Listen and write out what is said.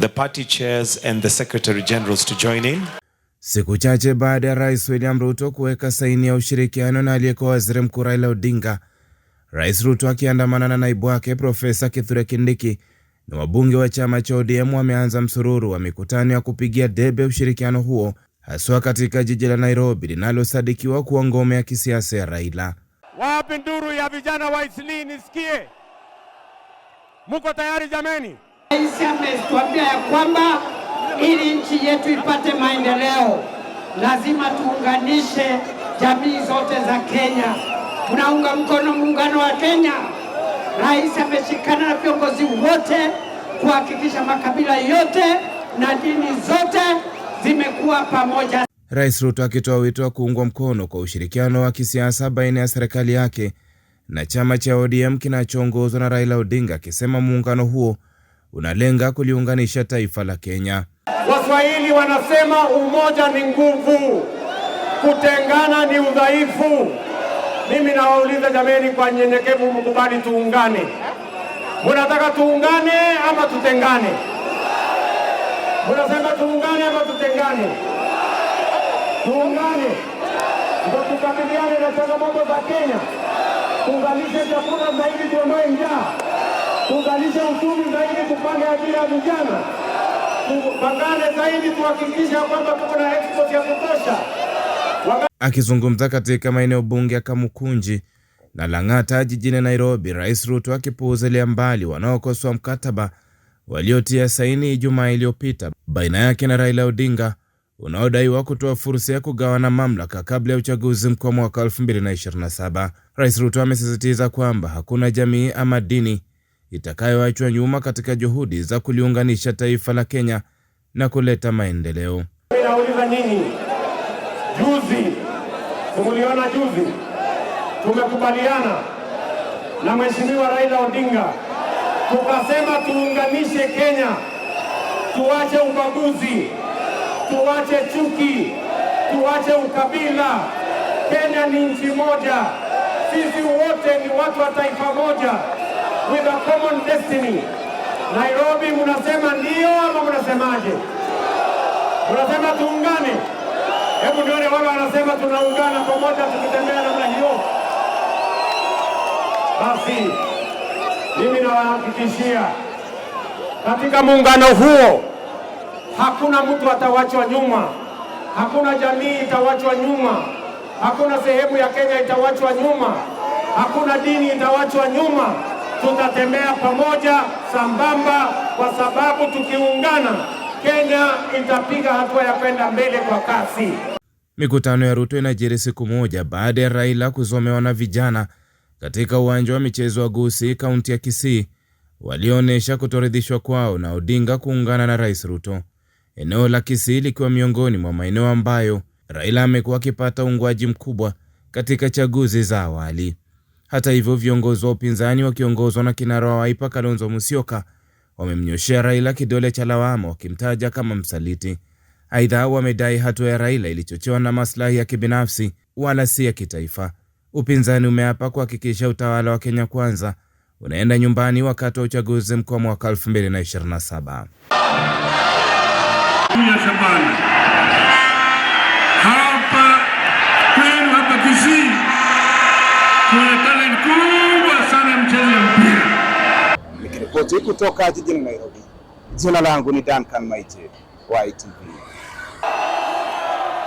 the party chairs and the secretary generals to join in. Siku chache baada ya Rais William Ruto kuweka saini ya ushirikiano na aliyekuwa waziri mkuu Raila Odinga, Rais Ruto akiandamana na naibu wake Profesa Kithure Kindiki na wabunge wa chama cha ODM wameanza msururu wa mikutano ya kupigia debe ushirikiano huo, haswa katika jiji la Nairobi linalosadikiwa kuwa ngome ya kisiasa ya Raila. Wapi nduru ya vijana wa Isli nisikie? Muko tayari jameni? Rais ametuambia ya kwamba ili nchi yetu ipate maendeleo lazima tuunganishe jamii zote za Kenya. Tunaunga mkono muungano wa Kenya. Rais ameshikana na viongozi wote kuhakikisha makabila yote na dini zote zimekuwa pamoja. Rais Ruto akitoa wito wa kuungwa mkono kwa ushirikiano wa kisiasa baina ya serikali yake na chama cha ODM kinachoongozwa na Raila Odinga, akisema muungano huo unalenga kuliunganisha taifa la Kenya. Waswahili wanasema umoja ni nguvu, kutengana ni udhaifu. Mimi nawauliza jameni, kwa nyenyekevu, mkubali tuungane. Munataka tuungane ama tutengane? Munasema tuungane ama tutengane? Tuungane ndio tukabiliane na changamoto za Kenya, tuunganishe chakula zaidi, tuondoe njaa kuzalisha uchumi zaidi, kupanga ajira ya vijana, kupangane zaidi, kuhakikisha kwamba tuko na export ya kutosha. Akizungumza katika maeneo bunge ya Kamukunji na Lang'ata jijini Nairobi, Rais Ruto akipuuzilia mbali wanaokosoa mkataba waliotia saini Ijumaa iliyopita baina yake na Raila Odinga unaodaiwa kutoa fursa ya kugawana mamlaka kabla ya uchaguzi mkuu wa mwaka 2027. Rais Ruto amesisitiza kwamba hakuna jamii ama dini itakayoachwa nyuma katika juhudi za kuliunganisha taifa la Kenya na kuleta maendeleo. Nauliza nyinyi, juzi tumuliona, juzi tumekubaliana na Mheshimiwa Raila Odinga tukasema tuunganishe Kenya, tuache ubaguzi, tuache chuki, tuache ukabila. Kenya ni nchi moja, sisi wote ni watu wa taifa moja with a common destiny. Nairobi mnasema ndio ama mnasemaje? Mnasema tuungane? Hebu nione wale wanasema tunaungana pamoja tukitembea namna hiyo. Basi mimi nawahakikishia katika muungano huo hakuna mtu atawachwa nyuma, hakuna jamii itawachwa nyuma, hakuna sehemu ya Kenya itawachwa nyuma, hakuna dini itawachwa nyuma tutatembea pamoja sambamba, kwa sababu tukiungana, Kenya itapiga hatua ya kwenda mbele kwa kasi. Mikutano ya Ruto inajiri siku moja baada ya Raila kuzomewa na vijana katika uwanja wa michezo wa Gusii, kaunti ya Kisii, walioonyesha kutoridhishwa kwao na Odinga kuungana na Rais Ruto, eneo la Kisii likiwa miongoni mwa maeneo ambayo Raila amekuwa akipata uungwaji mkubwa katika chaguzi za awali. Hata hivyo, viongozi wa upinzani wakiongozwa na kinara wa Wiper Kalonzo Musyoka wamemnyoshea Raila kidole cha lawama wakimtaja kama msaliti. Aidha, wamedai hatua ya Raila ilichochewa na maslahi ya kibinafsi wala si ya kitaifa. Upinzani umeapa kuhakikisha utawala wa Kenya Kwanza unaenda nyumbani wakati wa uchaguzi mkuu wa mwaka 2027. Nikiripoti kutoka jijini Nairobi, jina langu ni Duncan Maite wa ITV.